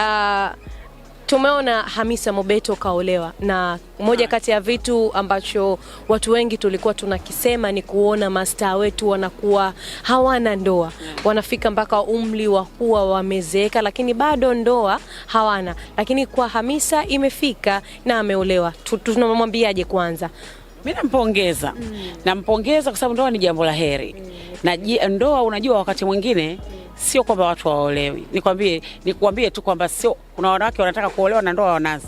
uh, tumeona Hamisa Mobeto kaolewa na moja mm. kati ya vitu ambacho watu wengi tulikuwa tunakisema ni kuona mastaa wetu wanakuwa hawana ndoa, mm. wanafika mpaka umri wa kuwa wamezeeka, lakini bado ndoa hawana. Lakini kwa Hamisa imefika na ameolewa, tunamwambiaje kwanza? Mimi nampongeza mm. nampongeza kwa sababu ndoa ni jambo la heri mm. na ndoa, unajua wakati mwingine sio kwamba watu waolewi. Nikwambie, nikwambie tu kwamba sio, kuna wanawake wanataka kuolewa na ndoa wanazo,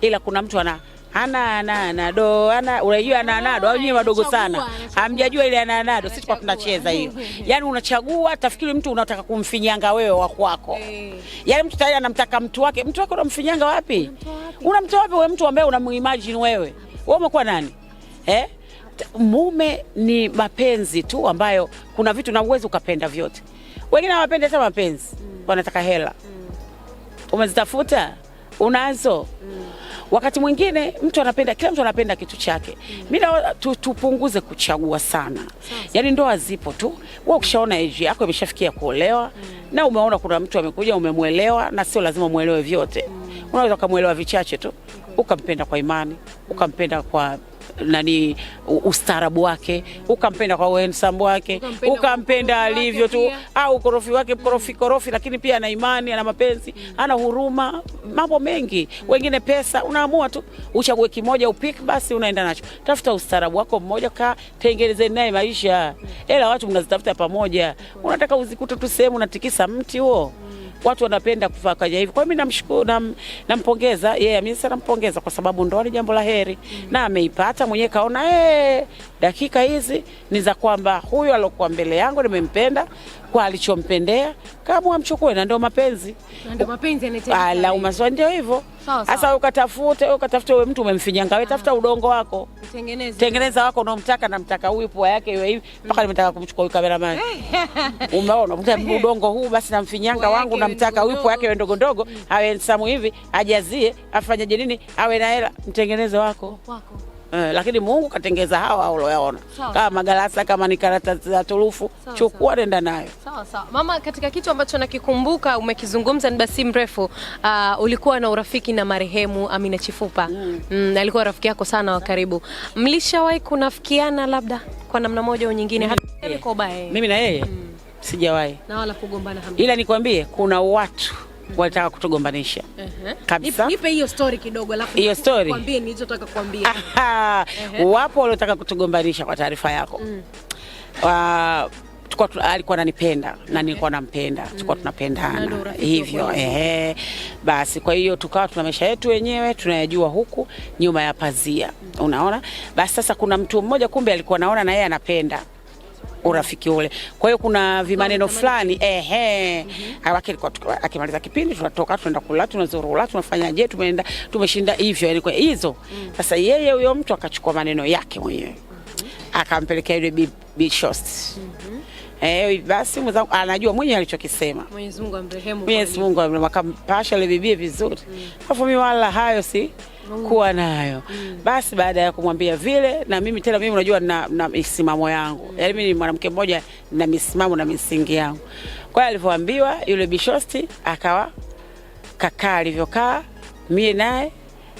ila kuna mtu ana ana ana nanado ana unajua ana nanado au nyewe wadogo sana, hamjajua ile ana nanado, sisi kwa tunacheza hiyo. Yani unachagua, tafikiri mtu unataka kumfinyanga wewe wa kwako, eh. yani mtu tayari anamtaka mtu wake. Mtu wake unamfinyanga wapi? Unamtoa wapi wewe mtu ambaye unamimagine wewe? Wewe umekuwa nani? eh? Mume ni mapenzi tu, ambayo kuna vitu na uwezo ukapenda vyote. Wengine hawapendi hata mapenzi mm. wanataka hela mm. umezitafuta unazo mm. Wakati mwingine mtu anapenda, kila mtu anapenda kitu chake mm. Mimi tu, tupunguze kuchagua sana Sasa. Yani ndoa zipo tu, wewe ukishaona age yako imeshafikia kuolewa mm. na umeona kuna mtu amekuja umemwelewa, na sio lazima muelewe vyote mm. Unaweza ukamwelewa vichache tu okay. Ukampenda kwa imani, ukampenda kwa nani ustaarabu wake, ukampenda kwa uhensambu wake, ukampenda alivyo tu, au ukorofi wake, korofi korofi, lakini pia ana imani, ana mapenzi, ana huruma, mambo mengi. Wengine pesa, unaamua tu uchague kimoja upik, basi unaenda nacho. Tafuta ustaarabu wako mmoja, ka tengeneze naye maisha. Hela watu mnazitafuta pamoja, unataka uzikute tu sehemu unatikisa mti huo watu wanapenda kufakanya hivi. Kwa hiyo mimi namshukuru, na nampongeza yeye yeah, mimi sana nampongeza kwa sababu ndo ni jambo la heri mm. na ameipata mwenyewe kaona hey, eh, Dakika hizi ni za kwamba huyu alokuwa mbele yangu nimempenda kwa alichompendea, kama amchukue, na ndio mapenzi, ndio mapenzi yanatengeneza ah, ala sio ndio hivyo? Sasa ukatafute, wewe ukatafute, wewe mtu umemfinyanga wewe, ah. tafuta udongo wako, tengeneza tengeneza wako unaomtaka, mtaka huyu, pua yake iwe hivi mm. mpaka nimetaka kumchukua huyu kameramani, umeona? Mtaka udongo huu, basi namfinyanga wangu, namtaka huyu, pua yake iwe ndogo ndogo, awe samu hivi, ajazie, afanyaje nini, awe na hela, mtengeneze wako wako Eh, lakini Mungu katengeza hawa uloyaona kama magalasa kama ni karatasi za turufu, chukua nenda nayo. Sawa sawa. Mama, katika kitu ambacho nakikumbuka umekizungumza ni basi mrefu uh, ulikuwa na urafiki na marehemu Amina Chifupa mm. Mm, alikuwa rafiki yako sana wa karibu, mlishawahi kunafikiana labda kwa namna moja au nyingine? mm. hata eh. kwa ubaya mimi na yeye mm. sijawahi na wala kugombana, ila nikwambie kuna watu walitaka kutugombanisha kabisa. Nipe hiyo story kidogo, alafu hiyo story nikwambie nilizotaka kukuambia. Wapo waliotaka kutugombanisha kwa taarifa yako. mm. Uh, alikuwa ananipenda na nilikuwa nampenda, mm. tulikuwa tunapendana hivyo ehe. Basi kwa hiyo tukawa tuna maisha yetu wenyewe tunayajua huku nyuma ya pazia, mm. unaona. Basi sasa kuna mtu mmoja kumbe alikuwa naona na yeye anapenda urafiki ule. Kwa hiyo kuna vimaneno fulani ehe, mm-hmm. akimaliza kipindi tunatoka tunaenda kula, tunazurula, tunafanyaje, tumeenda tumeshinda hivyo, yani kwa hizo mm. sasa. Yeye huyo mtu akachukua maneno yake mwenyewe mm-hmm. akampelekea yule Bishos. Mm-hmm. Eh, basi mwenzangu anajua mwenye alichokisema. Mwenyezi Mungu amrehemu. Mwenyezi Mungu amrehemu akampasha ile bibie vizuri. Mm. Alafu mimi wala hayo si kuwa nayo mm. Basi baada ya kumwambia vile, na mimi tena mimi unajua na, na misimamo yangu mm. Yaani mimi ni mwanamke mmoja na misimamo na misingi yangu. Kwa hiyo alivyoambiwa yule Bishosti akawa kakaa alivyokaa, mie naye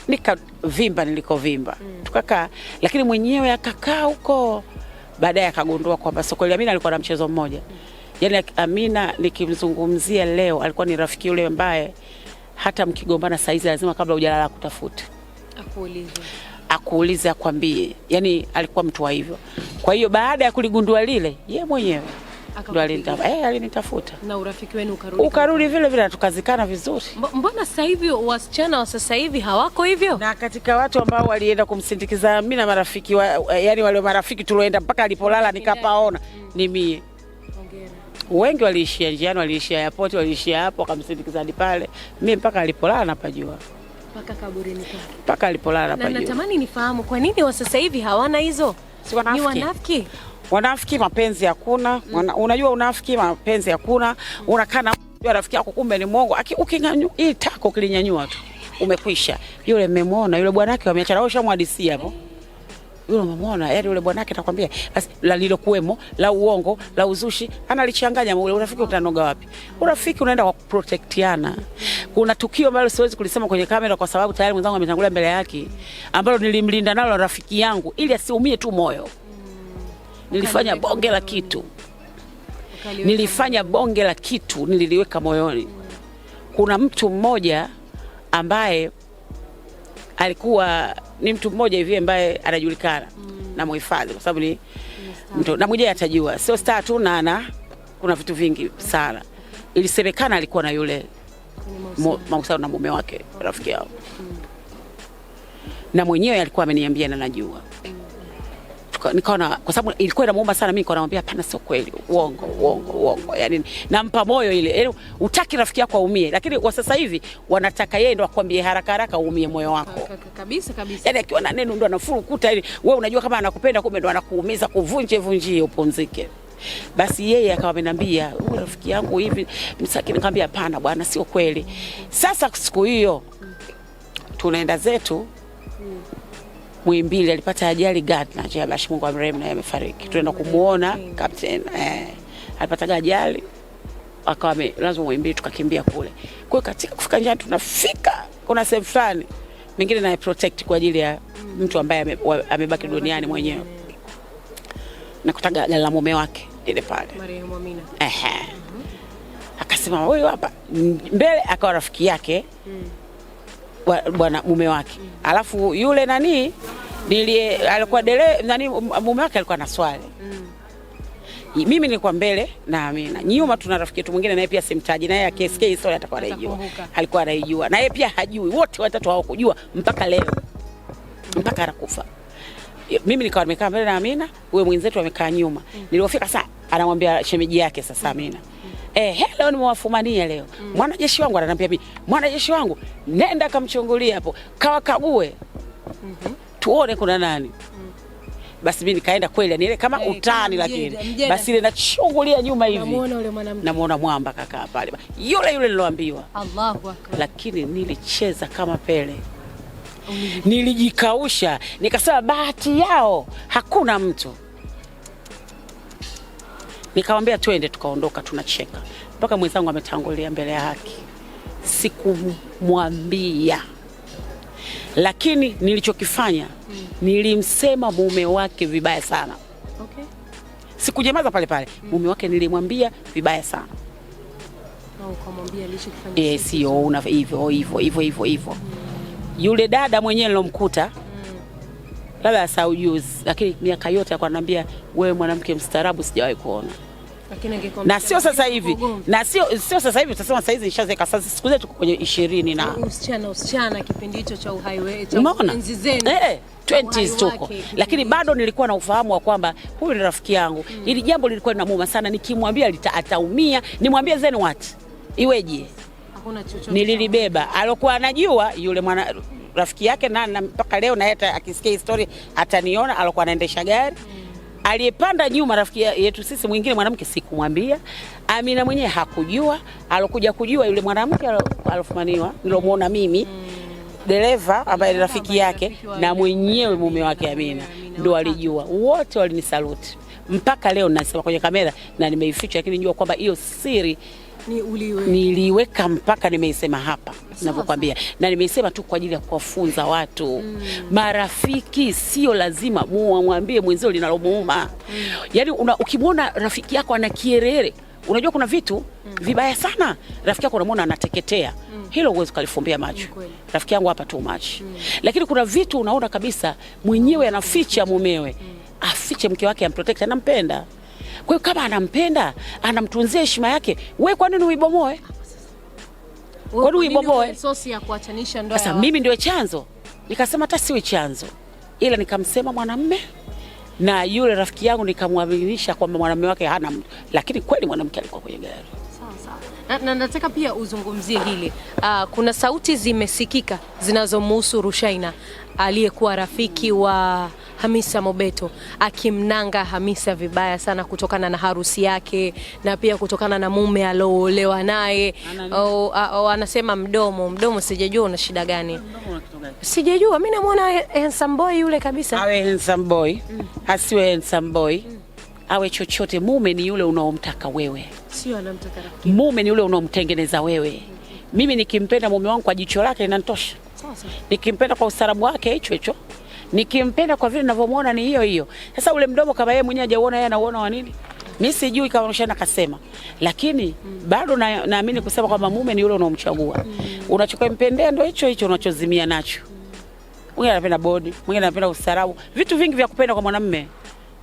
nikavimba nilikovimba mm. Tukakaa, lakini mwenyewe akakaa huko, baadaye akagundua kwamba sokoli Amina alikuwa na mchezo mmoja mm. Yaani Amina nikimzungumzia leo alikuwa ni rafiki yule ambaye hata mkigombana saizi lazima kabla hujalala kutafuta akuulize, akuulize akwambie, yani alikuwa mtu wa hivyo. Kwa hiyo baada ya kuligundua lile, ye mwenyewe Eh, alinitafuta na urafiki wenu ukarudi, ukarudi vile vile, tukazikana vizuri. Mbona sasa hivi wasichana wa sasa hivi hawako hivyo? Na katika watu ambao walienda kumsindikiza mimi na marafiki wa, yani wale marafiki tulioenda mpaka alipolala nikapaona mm. ni mie. Wengi waliishia njiani, waliishia airport, waliishia hapo, wakamsindikiza hadi pale, mimi mpaka alipolala napajua mpaka kaburini kwake, mpaka alipolala pale. Na Natamani nifahamu kwa nini wa sasa hivi hawana hizo, si wanafiki? Ni wanafiki wanafiki, mapenzi hakuna. Mm. Wana, unajua unafiki mapenzi hakuna. Mm. Unakaa na rafiki yako kumbe ni mwongo, hii tako kilinyanyua tu umekwisha. Yule mmemwona yule bwanake wameachana, shamwadisia hapo yule umemwona, yani yule bwanake atakwambia basi la lilokuwemo la uongo la uzushi, analichanganya ule urafiki. Utanoga wapi urafiki? Unaenda kwa kuprotektiana. Kuna tukio ambalo siwezi kulisema kwenye kamera kwa sababu tayari mwenzangu ametangulia mbele yake, ambalo nilimlinda nalo rafiki yangu ili asiumie tu moyo. Nilifanya bonge la kitu, nilifanya bonge la kitu, nililiweka moyoni. Kuna mtu mmoja ambaye alikuwa ni mtu mmoja hivi ambaye anajulikana mm. na muhifadhi kwa sababu ni mtu na mwenyewe atajua, sio star tu na ana kuna vitu vingi sana. Ilisemekana alikuwa na yule mahusiano na mume wake, rafiki yao, mm. na mwenyewe alikuwa ameniambia na najua mm nikaona kwa sababu ilikuwa inamuuma sana, mimi nikawa namwambia hapana, sio kweli, uongo uongo uongo, yani nampa moyo ile, yani utaki rafiki yako aumie, lakini kwa sasa hivi wanataka yeye ndo akwambie haraka haraka uumie moyo wako kabisa kabisa, yani akiwa na neno ndo anafuru anafurukuta ile, yaani wewe unajua kama anakupenda, kumbe ndo anakuumiza, kuvunje vunjie upumzike. Basi yeye akawa ameniambia huyu rafiki yangu hivi msaki, nikamwambia hapana bwana, sio kweli. Sasa siku hiyo tunaenda zetu mm. Mwimbili alipata ajali Gatna cha bashi, Mungu amrehemu, naye amefariki. Tunaenda kumuona captain eh, alipata ajali akawa lazima Mwimbili, tukakimbia kule. Kwa hiyo katika kufika njiani, tunafika kuna sehemu fulani mingine naye protect kwa ajili ya mtu ambaye amebaki ame duniani mwenyewe, nakutaga gari la mume wake ile pale, marehemu Amina, ehe akasema huyu hapa mbele, akawa rafiki yake mm. bwana mm. mume wake mm. alafu yule nani Nilie, alikuwa dele nani mume wake alikuwa na swali mm. Mimi nilikuwa mbele na Amina nyuma, tuna rafiki yetu mwingine naye pia simtaji, naye ya KSK story atakuwa anaijua, alikuwa anaijua na yeye pia hajui, wote watatu hawakujua mpaka leo mpaka anakufa. Mimi nikawa nimekaa mbele na Amina, huyo mwenzetu amekaa nyuma mm. Nilipofika sasa, anamwambia shemeji yake sasa mm. Amina mm. Eh, hello leo nimewafumania leo mm. mwanajeshi wangu ananiambia mimi, mwanajeshi wangu nenda kamchungulia hapo kawakague Mhm. mm tuone kuna nani Basi mimi nikaenda kweli, niile kama hey, eh, utani lakini basi ile nachungulia nyuma hivi namuona mwamba kakaa pale yule yule niloambiwa, Allahu Akbar, lakini nilicheza kama Pele nilijikausha nikasema, bahati yao hakuna mtu. Nikamwambia twende, tukaondoka tunacheka mpaka mwenzangu ametangulia mbele ya haki. Sikumwambia lakini nilichokifanya nilimsema mume wake vibaya sana okay. Sikujemaza pale pale mm. mume wake nilimwambia vibaya sana e, sio hivyo hivyo hivyo hivyo hivyo mm. yule dada mwenyewe nilomkuta mm. labda saa ujuzi, lakini miaka yote akanambia wewe mwanamke mstaarabu, sijawahi kuona na sio sasa hivi na sio sio sasa hivi utasema saizi nishazeka sasa, siku zetu kwenye ishirini na usichana usichana, kipindi hicho cha uhai wetu, enzi zenu eh 20s eh, tuko, lakini bado nilikuwa na ufahamu wa kwamba huyu ni rafiki yangu. Mm. Ili jambo lilikuwa linamuuma sana, nikimwambia ataumia, nimwambie then what, iweje? Hakuna chochote Nililibeba, alokuwa anajua yule mwana rafiki yake na mpaka leo na hata akisikia historia ataniona, alokuwa anaendesha gari Mm. Aliyepanda juu marafiki yetu sisi, mwingine mwanamke sikumwambia. Amina mwenyewe hakujua, alokuja kujua yule mwanamke alofumaniwa nilomwona mimi dereva ambaye ni rafiki yake na mwenyewe mume wake Amina ndo alijua wote walinisaluti mpaka leo, nasema kwenye kamera na nimeificha, lakini jua kwamba hiyo siri ni Niliweka mpaka nimeisema hapa ninavyokwambia, na nimeisema tu kwa ajili ya kuwafunza watu mm. Marafiki sio lazima muwamwambie mwenzio linalomuuma mm. Yaani una, ukimwona rafiki yako ana kierere, unajua kuna vitu mm. vibaya sana, rafiki yako unamwona anateketea mm. Hilo uwezi ukalifumbia macho, rafiki yangu hapa too much mm. Lakini kuna vitu unaona kabisa mwenyewe anaficha mumewe mm. Afiche mke wake, amprotect, anampenda kwa hiyo kama anampenda anamtunzia heshima yake, we kwa nini uibomoe? Kwa nini uibomoe? Sasa mimi ndio chanzo, nikasema hata siwe chanzo, ila nikamsema mwanamme na yule rafiki yangu nikamwaminisha kwamba mwanamume wake hana, mtu lakini kweli mwanamke alikuwa kwenye gari. Sawa sawa, nataka pia uzungumzie hili. Aa, ah, kuna sauti zimesikika zinazomhusu rushaina aliyekuwa rafiki wa Hamisa Mobeto akimnanga Hamisa vibaya sana kutokana na harusi yake na pia kutokana na mume alioolewa naye. Oh, oh, anasema mdomo mdomo, sijajua una shida gani? Sijajua mimi namwona handsome boy yule kabisa. Awe handsome boy, mm. Asiwe handsome boy. Mm. Awe chochote, mume ni yule unaomtaka wewe, sio anamtaka rafiki. Mume ni yule unaomtengeneza wewe. Mm. Mimi nikimpenda mume wangu kwa jicho lake linanitosha. Nikimpenda kwa ustarabu wake hicho hicho nikimpenda kwa vile ninavyomuona ni hiyo hiyo. Sasa ule mdomo kama yeye mwenyewe hajauona, yeye anauona wa nini? Mimi sijui kama Roshana kasema, lakini bado naamini na kusema kwamba mume ni yule unaomchagua. Mm. Unachokimpendea ndio hicho hicho unachozimia nacho. Mwingine anapenda bodi, mwingine anapenda ustaarabu, vitu vingi vya kupenda kwa mwanamume.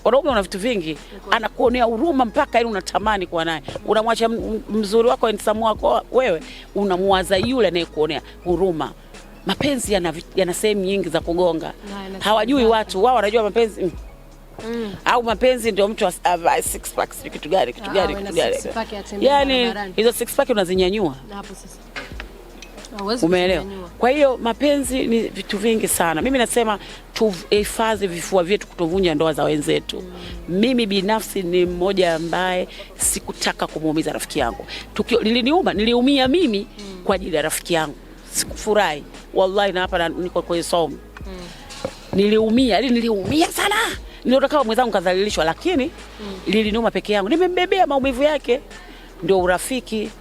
Wanaume wana vitu vingi, anakuonea huruma mpaka ile unatamani kuwa naye. Unamwacha mzuri wako, handsome wako, wewe unamwaza yule anayekuonea huruma mapenzi yana, yana sehemu nyingi za kugonga na, hawajui watu wao wanajua mapenzi mm. mm. Au mapenzi ndio mtu uh, six pack kitu gani kitu ah, gani kitu gani, yani hizo six pack unazinyanyua hapo sasa Umeelewa? Kwa hiyo mapenzi ni vitu vingi sana. Mimi nasema tuhifadhi vifua vyetu kutovunja ndoa za wenzetu. Mm. Mimi binafsi ni mmoja ambaye sikutaka kumuumiza rafiki yangu. Tukio liliniuma, niliumia mimi mm. kwa ajili ya rafiki yangu sikufurahi wallahi, na hapa niko kwenye somo mm. Niliumia, ili yaani niliumia sana, niliotoka mwenzangu kadhalilishwa, lakini mm. lilinuma peke yangu, nimembebea maumivu yake. Ndio urafiki,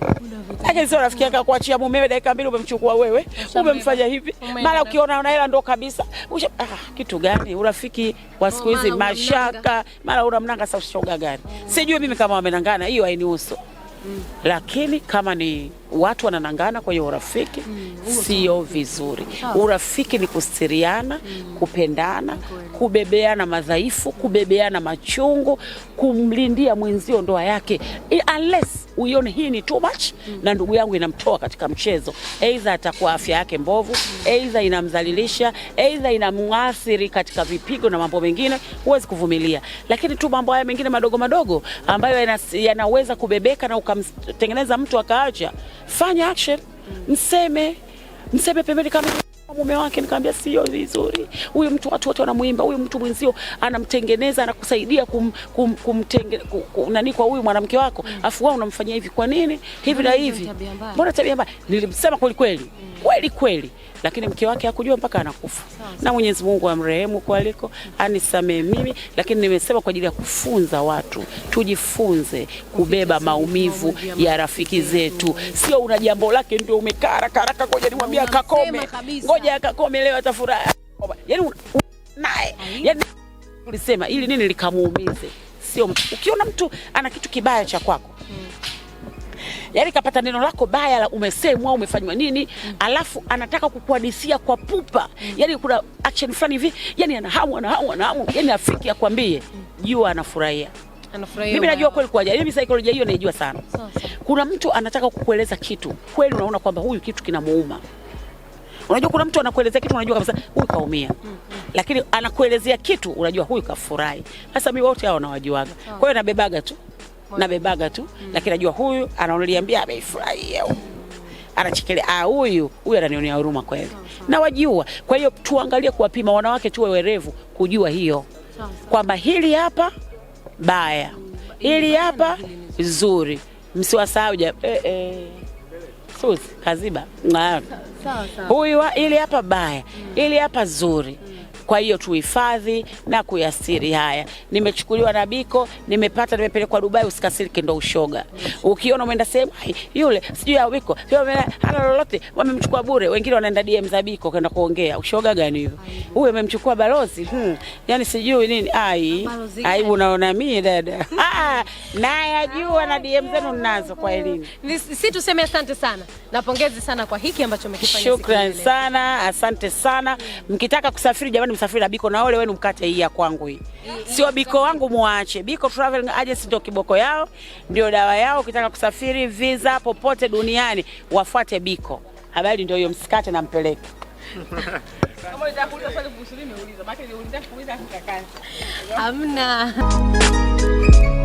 lakini sio rafiki yake akuachia mumewe dakika mbili, umemchukua wewe, umemfanya hivi, mara ukiona una hela ndo kabisa usha, ah, kitu gani urafiki kwa siku oh, hizi? Mashaka mara una mnanga, sasa ushoga gani? Oh. Sijui mimi kama wamenangana, hiyo hainihusu mm. Lakini kama ni watu wananangana kwenye urafiki mm. sio vizuri. Ah. Urafiki ni kustiriana mm. kupendana kubebeana madhaifu, kubebeana machungu, kumlindia mwenzio ndoa yake unless uione hii ni too much mm. na ndugu yangu inamtoa katika mchezo, aidha atakuwa afya yake mbovu, aidha inamdhalilisha, aidha inamwathiri katika vipigo na mambo mengine, huwezi kuvumilia. Lakini tu mambo haya mengine madogo madogo ambayo yanaweza kubebeka na ukamtengeneza mtu akaacha, fanya action, mseme mseme pembeni kama mume wake, nikamwambia sio vizuri. Huyu mtu watu wote wanamwimba huyu mtu mwenzio, anamtengeneza anakusaidia kum, kum, kumtenge, kum, kum, nani kwa huyu mwanamke wako mm. afu wao unamfanyia hivi kwa nini hivi na hivi, mbona tabia mbaya? Nilimsema kweli kweli mm. kweli kweli lakini mke wake hakujua mpaka anakufa. Na Mwenyezi Mungu amrehemu kwaliko anisamee mimi, lakini nimesema kwa ajili ya kufunza watu, tujifunze kubeba maumivu ya rafiki zetu, sio una jambo lake ndio umekaa haraka haraka, ngoja nimwambie akakome, ngoja akakome, leo atafurahi. Yani naye yani tulisema ili nini likamuumize, sio ukiona mtu ana kitu kibaya cha kwako hmm yani kapata neno lako baya la umesemwa umefanywa nini alafu anataka kukuhadisia kwa pupa yani kuna action fulani hivi yani anahamu anahamu anahamu yani afiki akwambie jua anafurahia mimi najua kweli kwa yaani mimi saikolojia hiyo naijua sana. Kuna mtu anataka kukueleza kitu kweli, unaona kwamba huyu kitu kinamuuma. Unajua kuna mtu anakuelezea kitu unajua kabisa huyu kaumia. Mm -hmm. Lakini anakuelezea kitu unajua huyu kafurahi. hasa mimi wote hao nawajuaga. Kwa hiyo nabebaga tu nabebaga tu mm. Lakini najua huyu ananiambia ameifurahia anachekelea ah, huyu huyu ananionea huruma kweli, na wajua. Kwa hiyo tuangalie kuwapima wanawake, tuwe werevu kujua hiyo kwamba hili hapa baya, mm. hili hapa zuri, msiwasahau ja eh, eh. kaziba huyu, ili hapa baya, mm. hili hapa zuri. Mm. Kwa hiyo tuhifadhi na kuyasiri haya. Nimechukuliwa na Biko, nimepata, nimepelekwa Dubai. Usikasirike, ndo ushoga. Ukiona umeenda sehemu yule sijui ya Biko sio hana lolote, wamemchukua bure. Wengine wanaenda DM za Biko kwenda kuongea. Ushoga gani hivyo? Huyu amemchukua balozi hmm. Yani sijui nini, ai aibu. naona mimi dada ah, naye ajua na DM zenu ninazo kwa elimu. Si tuseme asante sana na pongezi sana kwa hiki ambacho mmekifanya. Shukrani sana, asante sana. Mkitaka kusafiri jamani msafiri na Biko na ole wenu mkate hii ya kwangu hii. Sio Biko wangu muache. Biko Traveling Agency ndio kiboko yao, ndio dawa yao ukitaka kusafiri visa popote duniani wafuate Biko. Habari ndio hiyo msikate na mpeleke. Hamna.